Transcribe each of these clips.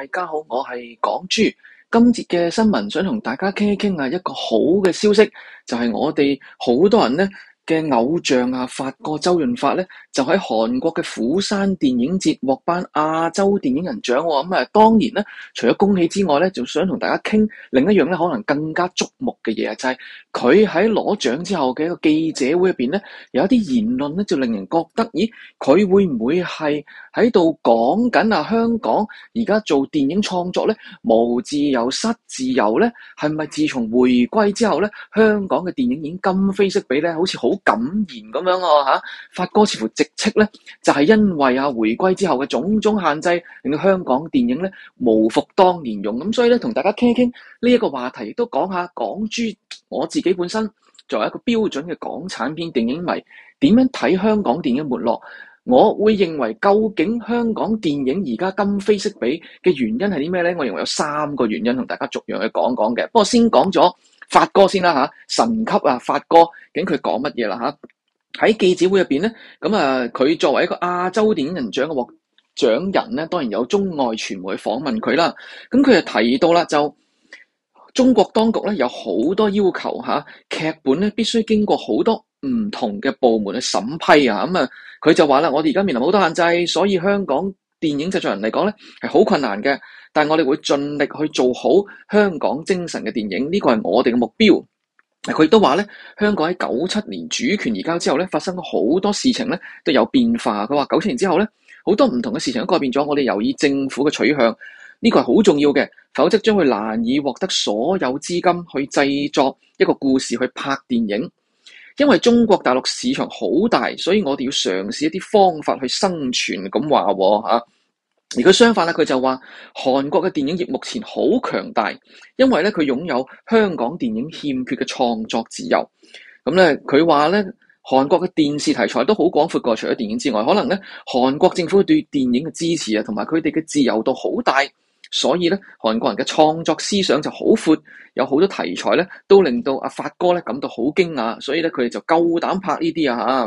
大家好，我係港豬。今節嘅新聞想同大家傾一傾啊，一個好嘅消息就係、是、我哋好多人咧。嘅偶像啊，發哥周潤發咧就喺韓國嘅釜山電影節獲頒亞洲電影人獎，哦。咁、嗯、啊，當然咧，除咗恭喜之外咧，就想同大家傾另一樣咧，可能更加矚目嘅嘢，啊、就係佢喺攞獎之後嘅一個記者會入邊咧，有一啲言論咧就令人覺得，咦，佢會唔會係喺度講緊啊香港而家做電影創作咧無自由失自由咧，係咪自從回歸之後咧，香港嘅電影已經今非昔比咧，好似好好感言咁樣哦，吓，發哥似乎直斥咧，就係因為啊回歸之後嘅種種限制，令到香港電影咧無復當年勇。咁所以咧，同大家傾一傾呢一個話題，亦都講下港豬。我自己本身作為一個標準嘅港產片電影迷，點樣睇香港電影沒落？我會認為，究竟香港電影而家今非昔比嘅原因係啲咩咧？我認為有三個原因，同大家逐樣去講講嘅。不過先講咗。發哥先啦嚇，神級啊！發哥，究竟佢講乜嘢啦嚇？喺記者會入邊咧，咁啊佢作為一個亞洲電影人獎嘅獲獎人咧，當然有中外傳媒訪問佢啦。咁佢就提到啦，就中國當局咧有好多要求嚇，劇本咧必須經過好多唔同嘅部門去審批啊。咁啊，佢就話啦，我哋而家面臨好多限制，所以香港，電影製作人嚟講呢，係好困難嘅，但我哋會盡力去做好香港精神嘅電影，呢個係我哋嘅目標。佢亦都話咧，香港喺九七年主權移交之後咧，發生咗好多事情咧，都有變化。佢話九七年之後呢，好多唔同嘅事情都改變咗，我哋由以政府嘅取向，呢個係好重要嘅，否則將會難以獲得所有資金去製作一個故事去拍電影。因為中國大陸市場好大，所以我哋要嘗試一啲方法去生存。咁話喎，而佢相反咧，佢就話韓國嘅電影業目前好強大，因為咧佢擁有香港電影欠缺嘅創作自由。咁咧，佢話咧，韓國嘅電視題材都好廣闊過，除咗電影之外，可能咧韓國政府對電影嘅支持啊，同埋佢哋嘅自由度好大。所以咧，韓國人嘅創作思想就好闊，有好多題材咧，都令到阿、啊、發哥咧感到好驚訝，所以咧佢哋就夠膽拍呢啲啊嚇。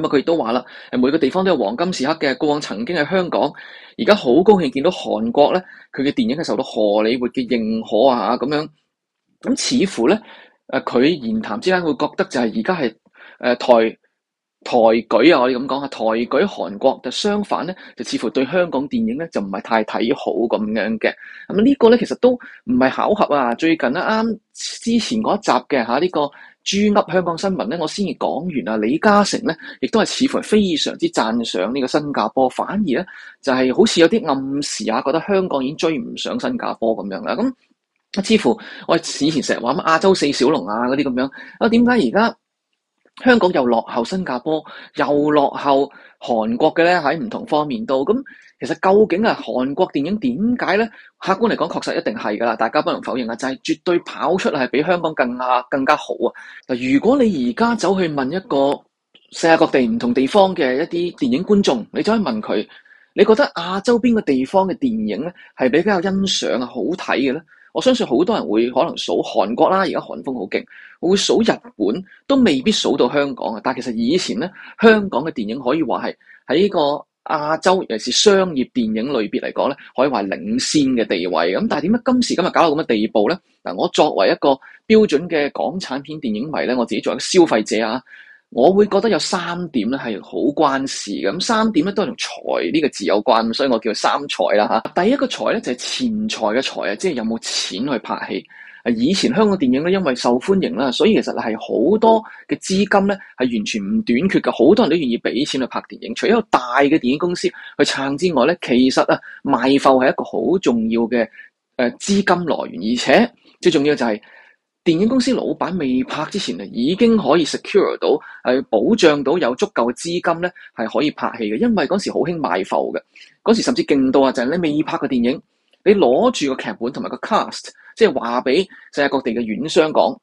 咁啊，佢亦都話啦，每個地方都有黃金時刻嘅。過往曾經喺香港，而家好高興見到韓國咧，佢嘅電影係受到荷里活嘅認可啊嚇咁樣。咁、啊、似乎咧，誒、啊、佢言談之間會覺得就係而家係誒台。抬舉啊，我哋咁講下抬舉韓國，就相反咧，就似乎對香港電影咧就唔係太睇好咁樣嘅。咁呢個咧其實都唔係巧合啊！最近咧啱、啊、之前嗰一集嘅嚇呢個豬噏香港新聞咧，我先至講完啊，李嘉誠咧亦都係似乎非常之讚賞呢個新加坡，反而咧就係、是、好似有啲暗示啊，覺得香港已經追唔上新加坡咁樣啦。咁、啊、似乎我以前成日話咁亞洲四小龍啊嗰啲咁樣啊，點解而家？香港又落後新加坡，又落後韓國嘅咧，喺唔同方面度。咁其實究竟係，韓國電影點解咧？客觀嚟講，確實一定係噶啦，大家不能否認啊。就係、是、絕對跑出嚟，係比香港更加更加好啊！嗱，如果你而家走去問一個世界各地唔同地方嘅一啲電影觀眾，你走去問佢，你覺得亞洲邊個地方嘅電影咧係比較欣賞啊、好睇嘅咧？我相信好多人會可能數韓國啦，而家韓風好勁，會數日本都未必數到香港啊！但其實以前呢，香港嘅電影可以話係喺個亞洲，尤其是商業電影類別嚟講咧，可以話領先嘅地位。咁但係點解今時今日搞到咁嘅地步咧？嗱，我作為一個標準嘅港產片電影迷咧，我自己作為一個消費者啊。我會覺得有三點咧係好關事嘅，咁三點咧都係同財呢個字有關，所以我叫三財啦嚇。第一個財咧就係、是、錢財嘅財啊，即係有冇錢去拍戲啊。以前香港電影咧因為受歡迎啦，所以其實係好多嘅資金咧係完全唔短缺嘅，好多人都願意俾錢去拍電影。除咗有大嘅電影公司去撐之外咧，其實啊賣埠係一個好重要嘅誒資金來源，而且最重要就係，電影公司老闆未拍之前啊，已經可以 secure 到，係保障到有足夠嘅資金咧，係可以拍戲嘅。因為嗰時好興賣埠嘅，嗰時甚至勁到啊，就係你未拍嘅電影，你攞住個劇本同埋個 cast，即係話俾世界各地嘅院商講：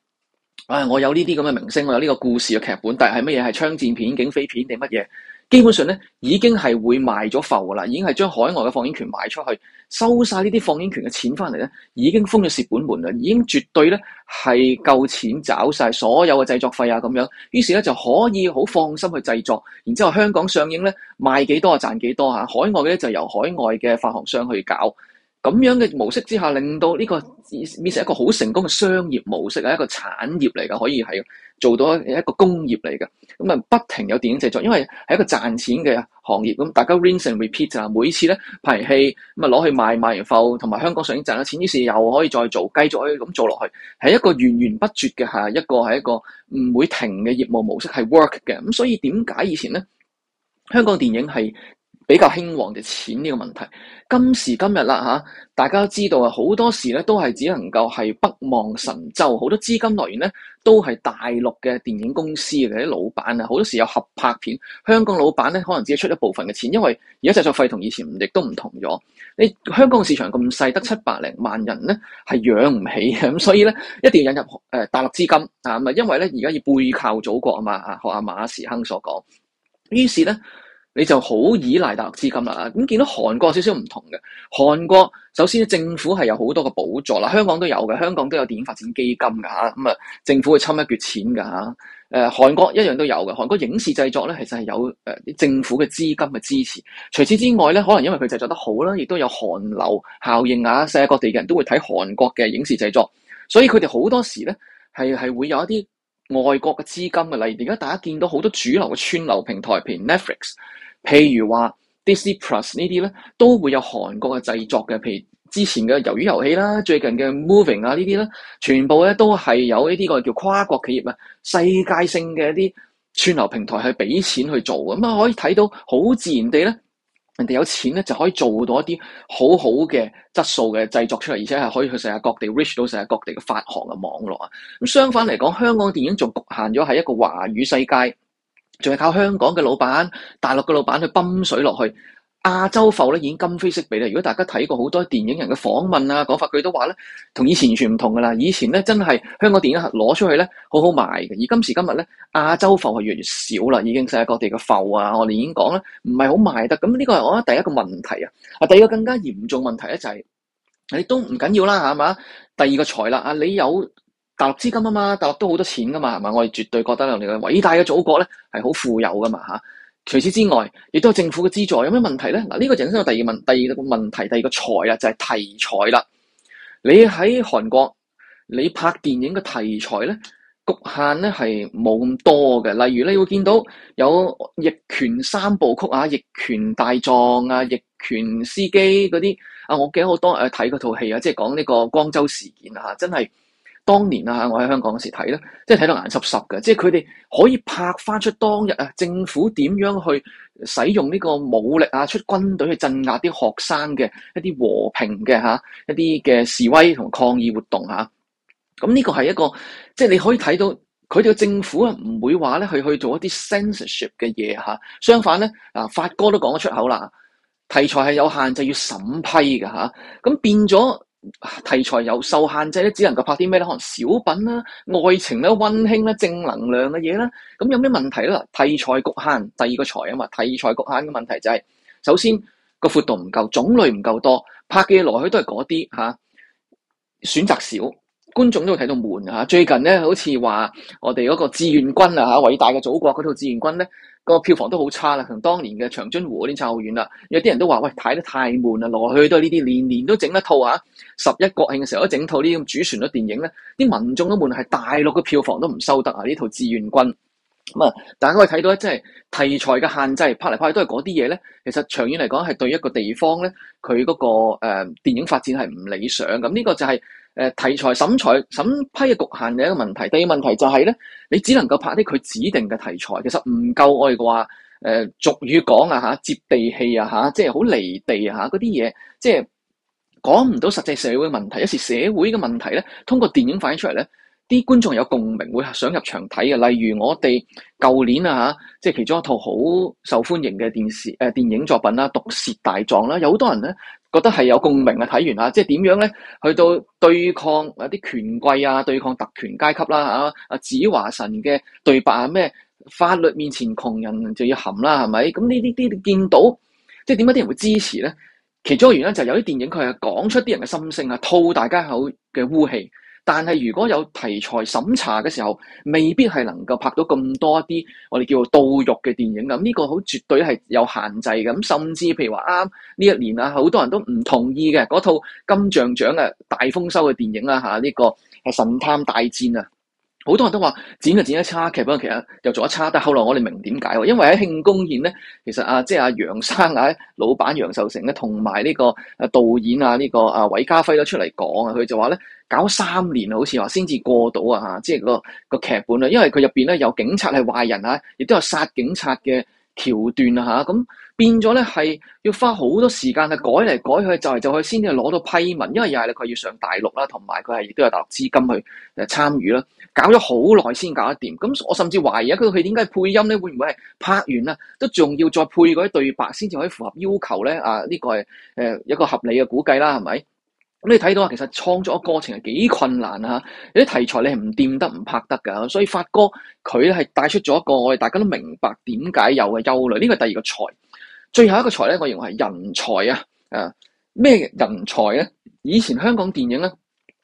唉，哎，我有呢啲咁嘅明星，我有呢個故事嘅劇本，但係乜嘢係槍戰片、警匪片定乜嘢？基本上咧，已經係會賣咗埠噶啦，已經係將海外嘅放映權賣出去，收晒呢啲放映權嘅錢翻嚟咧，已經封咗蝕本門啦，已經絕對咧係夠錢找晒所有嘅製作費啊咁樣，於是咧就可以好放心去製作，然之後香港上映咧賣幾多就賺幾多嚇，海外嘅咧就由海外嘅發行商去搞。咁樣嘅模式之下，令到呢個變成一個好成功嘅商業模式，係一個產業嚟嘅，可以係做到一個工業嚟嘅。咁啊，不停有電影製作，因為係一個賺錢嘅行業。咁大家 rinse and repeat 啊，每次咧拍完戲，咁啊攞去賣，賣完貨同埋香港上映賺咗錢，於是又可以再做，繼續可以咁做落去，係一個源源不絕嘅嚇，一個係一個唔會停嘅業務模式，係 work 嘅。咁所以點解以前咧香港電影係比較興旺嘅錢呢個問題，今時今日啦吓、啊，大家都知道啊，好多時咧都係只能夠係北望神州，好多資金來源咧都係大陸嘅電影公司嘅啲老闆啊，好多時有合拍片，香港老闆咧可能只係出一部分嘅錢，因為而家製作費同以前亦都唔同咗。你香港市場咁細，得七百零萬人咧係養唔起啊，咁所以咧一定要引入誒、呃、大陸資金啊，咪因為咧而家要背靠祖國啊嘛，學阿馬時亨所講，於是咧。你就好依賴大陸資金啦，咁見到韓國有少少唔同嘅。韓國首先政府係有好多嘅補助啦，香港都有嘅，香港都有電影發展基金噶，咁啊政府會抽一橛錢噶吓。誒、啊，韓國一樣都有嘅，韓國影視製作咧其實係有誒政府嘅資金嘅支持。除此之外咧，可能因為佢製作得好啦，亦都有韓流效應啊，世界各地嘅人都會睇韓國嘅影視製作，所以佢哋好多時咧係係會有一啲。外國嘅資金嘅，例如而家大家見到好多主流嘅串流平台，譬如 Netflix，譬如話 Disney Plus 呢啲咧，都會有韓國嘅製作嘅，譬如之前嘅《魷魚遊戲》啦，最近嘅 Moving 啊呢啲咧，全部咧都係有呢啲個叫跨國企業啊，世界性嘅一啲串流平台去俾錢去做嘅，咁啊可以睇到好自然地咧。人哋有錢咧，就可以做到一啲好好嘅質素嘅製作出嚟，而且係可以去世界各地 reach 到世界各地嘅發行嘅網絡啊！咁相反嚟講，香港電影仲局限咗喺一個華語世界，仲係靠香港嘅老闆、大陸嘅老闆去泵水落去。亞洲埠咧已經今非昔比啦。如果大家睇過好多電影人嘅訪問啊，講法佢都話咧，同以前完全唔同噶啦。以前咧真係香港電影攞出去咧好好賣嘅，而今時今日咧亞洲埠係越嚟越少啦。已經世界各地嘅埠啊，我哋已經講啦，唔係好賣得。咁呢個係我覺得第一個問題啊。啊，第二個更加嚴重問題咧就係、是、你都唔緊要啦，係嘛？第二個財啦啊，你有大陸資金啊嘛，大陸都好多錢噶嘛，係嘛？我哋絕對覺得我哋嘅偉大嘅祖國咧係好富有噶嘛吓。除此之外，亦都有政府嘅資助。有咩問題咧？嗱，呢個人生有第二問，第二個問題，第二個財啊，就係題材啦。你喺韓國，你拍電影嘅題材咧，局限咧係冇咁多嘅。例如咧，會見到有《逆權》三部曲啊，《逆權大狀》啊，《逆權司機》嗰啲啊，我記得好多誒，睇嗰套戲啊，即係講呢個光州事件啊，真係。當年啊，我喺香港嗰時睇咧，即係睇到眼濕濕嘅，即係佢哋可以拍翻出當日啊，政府點樣去使用呢個武力啊，出軍隊去鎮壓啲學生嘅一啲和平嘅吓、啊，一啲嘅示威同抗議活動吓。咁呢個係一個，即係你可以睇到佢哋嘅政府啊，唔會話咧去去做一啲 censorship 嘅嘢吓。相反咧，嗱、啊、發哥都講咗出口啦，題材係有限制要審，要審批嘅吓。咁變咗。題材有受限制咧，只能夠拍啲咩咧？可能小品啦、啊、愛情啦、啊、温馨啦、啊、正能量嘅嘢啦。咁、啊、有咩問題咧？題材局限，第二個才啊嘛，題材局限嘅問題就係、是，首先個闊度唔夠，種類唔夠多，拍嘅嘢來去都係嗰啲吓，選擇少。觀眾都會睇到悶啊！最近咧，好似話我哋嗰個《志願軍》啊嚇，偉大嘅祖國嗰套《志願軍》咧，個票房都好差啦，同當年嘅長津湖嗰啲差好遠啦。有啲人都話：喂，睇得太悶啦，落去都係呢啲，年年都整一套啊！十一國慶嘅時候都整套呢啲主旋律電影咧，啲民眾都悶，係大陸嘅票房都唔收得啊！呢套《志願軍》咁啊，大家可以睇到咧，即係題材嘅限制，拍嚟拍去都係嗰啲嘢咧。其實長遠嚟講，係對一個地方咧，佢嗰個誒電影發展係唔理想。咁呢個就係。誒、呃，題材審裁審批嘅局限嘅一個問題。第二個問題就係咧，你只能夠拍啲佢指定嘅題材，其實唔夠愛嘅話誒、呃、俗語講啊吓，接地氣啊吓，即係好離地吓嗰啲嘢，即係講唔到實際社會問題，有時社會嘅問題咧，通過電影反映出嚟咧。啲觀眾有共鳴，會想入場睇嘅。例如我哋舊年啊嚇，即係其中一套好受歡迎嘅電視誒、呃、電影作品啦，《毒舌大狀》啦，有好多人咧覺得係有共鳴啊！睇完啊，即係點樣咧？去到對抗一啲權貴啊，對抗特權階級啦嚇啊！子華神嘅對白啊，咩法律面前窮人就要含啦，係咪？咁呢啲啲見到，即係點解啲人會支持咧？其中嘅原因呢就係、是、有啲電影佢係講出啲人嘅心聲啊，吐大家口嘅污氣。但係如果有題材審查嘅時候，未必係能夠拍到咁多啲我哋叫做盜獄嘅電影啦。咁、這、呢個好絕對係有限制嘅。咁甚至譬如話啱呢一年啊，好多人都唔同意嘅嗰套金像獎嘅大豐收嘅電影啦、啊。吓、啊、呢、這個係《神探大戰》啊。好多人都話剪就剪一叉劇本，其實又做一叉。但係後來我哋明點解喎？因為喺慶功宴咧，其實啊，即係阿楊生啊，老闆楊受成咧，同埋呢個啊導演啊，呢、這個啊韋家輝都出嚟講啊，佢就話咧，搞三年好似話先至過到啊，嚇！即係個個劇本啊，因為佢入邊咧有警察係壞人啊，亦都有殺警察嘅橋段啊，嚇、嗯、咁。變咗咧，係要花好多時間去改嚟改去，就嚟就去，先至攞到批文。因為又係佢要上大陸啦，同埋佢係亦都有大陸資金去參與啦，搞咗好耐先搞得掂。咁我甚至懷疑啊，佢套戲點解配音咧，會唔會係拍完啦，都仲要再配嗰啲對白先至可以符合要求咧？啊，呢、呢個係誒、呃、一個合理嘅估計啦，係咪？咁你睇到啊，其實創作嘅過程係幾困難啊！有啲題材你係唔掂得，唔拍得㗎。所以發哥佢係帶出咗一個我哋大家都明白點解有嘅憂慮。呢、呢個第二個財。最後一個才咧，我認為係人才啊！啊，咩人才咧？以前香港電影咧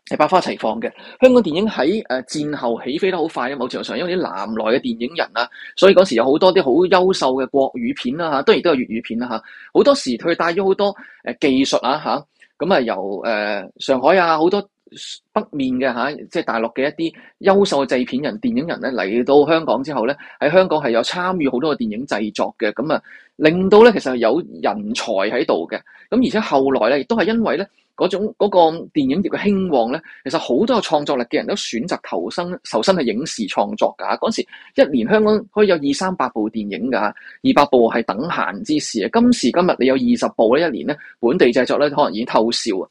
係百花齊放嘅，香港電影喺誒、呃、戰後起飛得好快啊！某程度上，因為啲南來嘅電影人啊，所以嗰時有好多啲好優秀嘅國語片啦、啊、嚇，當然都有粵語片啦、啊、嚇。好多時佢帶咗好多誒、呃、技術啊嚇，咁啊由誒、呃、上海啊好多。北面嘅吓、啊，即係大陸嘅一啲優秀嘅製片人、電影人咧，嚟到香港之後咧，喺香港係有參與好多嘅電影製作嘅，咁、嗯、啊，令到咧其實係有人才喺度嘅，咁而且後來咧，亦都係因為咧嗰種嗰、嗰個電影業嘅興旺咧，其實好多創作力嘅人都選擇投身受身係影視創作噶。嗰時一年香港可以有二三百部電影噶，二百部係等閒之事啊！今時今日你有二十部咧，一年咧本地製作咧，可能已經偷笑啊！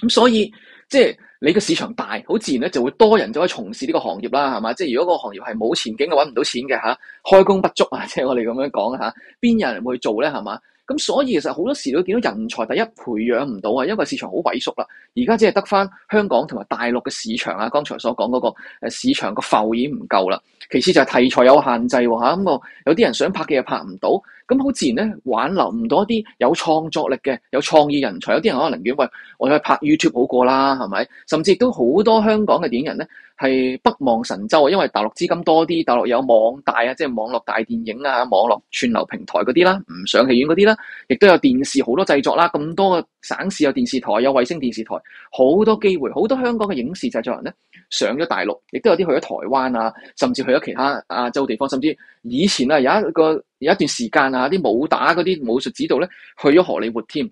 咁、嗯、所以。即係你個市場大，好自然咧就會多人就可以從事呢個行業啦，係嘛？即係如果個行業係冇前景嘅揾唔到錢嘅嚇，開工不足啊，即係我哋咁樣講啊嚇，邊有人會做咧，係嘛？咁所以其實好多時都見到人才第一培養唔到啊，因為市場好萎縮啦。而家只係得翻香港同埋大陸嘅市場啊，剛才所講嗰個誒市場個浮現唔夠啦。其次就係題材有限制喎嚇，咁啊有啲人想拍嘅又拍唔到，咁好自然咧挽留唔到一啲有創作力嘅有創意人才，有啲人可能寧願喂我哋去拍 YouTube 好過啦，係咪？甚至都好多香港嘅電影人咧。係北望神州啊，因為大陸資金多啲，大陸有網大啊，即係網絡大電影啊，網絡串流平台嗰啲啦，唔上戲院嗰啲啦，亦都有電視好多製作啦，咁多個省市有電視台，有衛星電視台，好多機會，好多香港嘅影視製作人咧上咗大陸，亦都有啲去咗台灣啊，甚至去咗其他亞洲地方，甚至以前啊有一個有一段時間啊，啲武打嗰啲武術指導咧去咗荷里活添。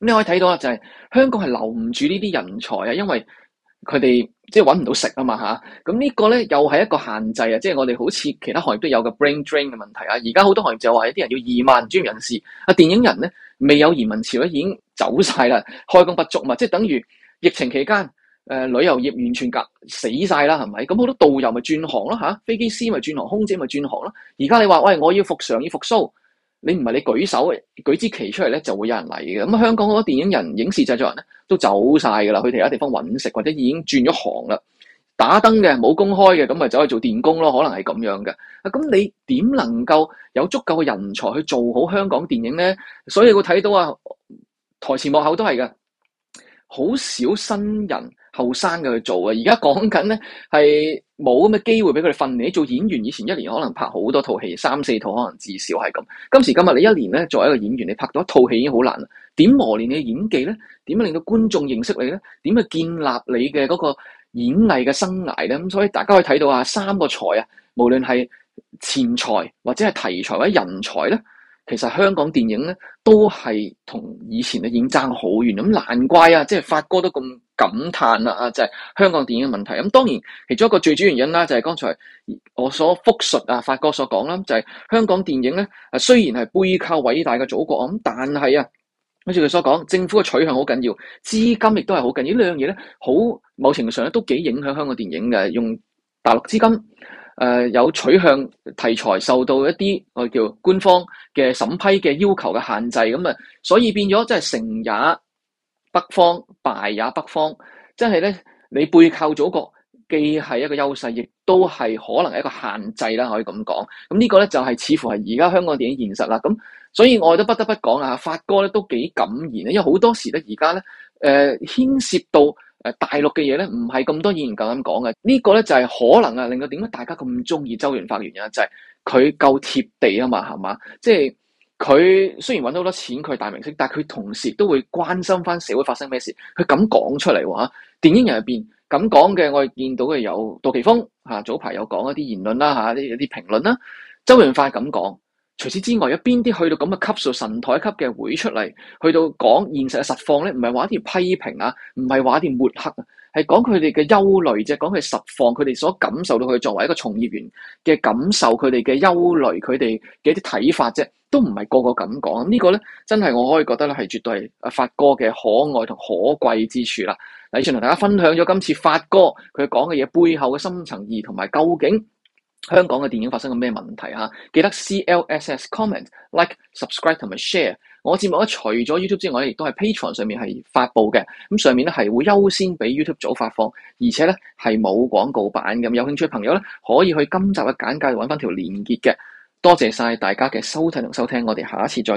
你可以睇到啊，就係香港係留唔住呢啲人才啊，因為。佢哋即係搵唔到食嘛啊，嘛吓，咁呢個咧又係一個限制啊，即係我哋好似其他行業都有個 brain drain 嘅問題啊。而家好多行業就話有啲人要移民專業人士，啊，電影人咧未有移民潮咧已經走晒，啦，開工不足嘛，即係等於疫情期間誒、呃、旅遊業完全隔死晒啦，係咪？咁好多導遊咪轉行咯、啊、吓、啊，飛機師咪轉行，空姐咪轉行咯、啊。而家你話喂，我要復常要復蘇。你唔係你舉手舉支旗出嚟咧，就會有人嚟嘅。咁、嗯、香港好多電影人、影視製作人咧，都走晒噶啦，去其他地方揾食，或者已經轉咗行啦。打燈嘅冇工開嘅，咁咪走去做電工咯，可能係咁樣嘅。啊，咁你點能夠有足夠嘅人才去做好香港電影咧？所以會睇到啊，台前幕後都係㗎，好少新人後生嘅去做啊。而家講緊咧係。冇咁嘅機會俾佢哋訓練。你做演員，以前一年可能拍好多套戲，三四套可能至少係咁。今時今日你一年咧，作為一個演員，你拍到一套戲已經好難啦。點磨練你嘅演技咧？點樣令到觀眾認識你咧？點去建立你嘅嗰個演藝嘅生涯咧？咁所以大家可以睇到啊，三個才啊，無論係錢財或者係題材或者人才咧，其實香港電影咧都係同以前嘅演爭好遠。咁難怪啊，即係發哥都咁。感嘆啦啊，就係、是、香港電影嘅問題。咁當然其中一個最主要原因啦，就係、是、剛才我所複述啊，發哥所講啦，就係、是、香港電影咧，雖然係背靠偉大嘅祖國，咁但係啊，好似佢所講，政府嘅取向好緊要，資金亦都係好緊要。呢樣嘢咧，好某程度上咧都幾影響香港電影嘅，用大陸資金誒、呃，有取向題材受到一啲我叫官方嘅審批嘅要求嘅限制，咁啊，所以變咗即係成也北方敗也北方，即係咧你背靠祖國，既係一個優勢，亦都係可能係一個限制啦。可以咁講，咁呢個咧就係、是、似乎係而家香港電影現實啦。咁所以我都不得不講啊，發哥咧都幾敢言咧，因為好多時咧而家咧誒牽涉到誒大陸嘅嘢咧，唔係咁多演員夠咁講嘅。這個、呢個咧就係、是、可能啊，令到點解大家咁中意周潤發嘅原因就係、是、佢夠貼地啊嘛，係嘛？即、就、係、是。佢雖然揾到好多錢，佢係大明星，但係佢同時都會關心翻社會發生咩事。佢敢講出嚟喎、啊、電影人入面敢講嘅，的我哋見到嘅有杜琪峰，啊、早排有講一啲言論啦、啊、有一啲評論啦、啊。周潤發咁講，除此之外有邊啲去到咁嘅級數神台級嘅會出嚟，去到講現實嘅實況呢？唔係話一啲批評啊，唔係話一啲抹黑係講佢哋嘅憂慮啫，講佢實況，佢哋所感受到佢作為一個從業員嘅感受，佢哋嘅憂慮，佢哋嘅一啲睇法啫，都唔係個個咁講。呢個咧，真係我可以覺得咧，係絕對係阿發哥嘅可愛同可貴之處啦。以上同大家分享咗今次發哥佢講嘅嘢背後嘅深層意，同埋究竟香港嘅電影發生咗咩問題吓？記得 C L S S comment like subscribe 同埋 share。我節目咧，除咗 YouTube 之外，我亦都係 Patreon 上面係發佈嘅，咁上面咧係會優先俾 YouTube 早發放，而且咧係冇廣告版咁。有興趣嘅朋友咧，可以去今集嘅簡介度搵翻條鏈接嘅。多謝晒大家嘅收睇同收聽，我哋下一次再見。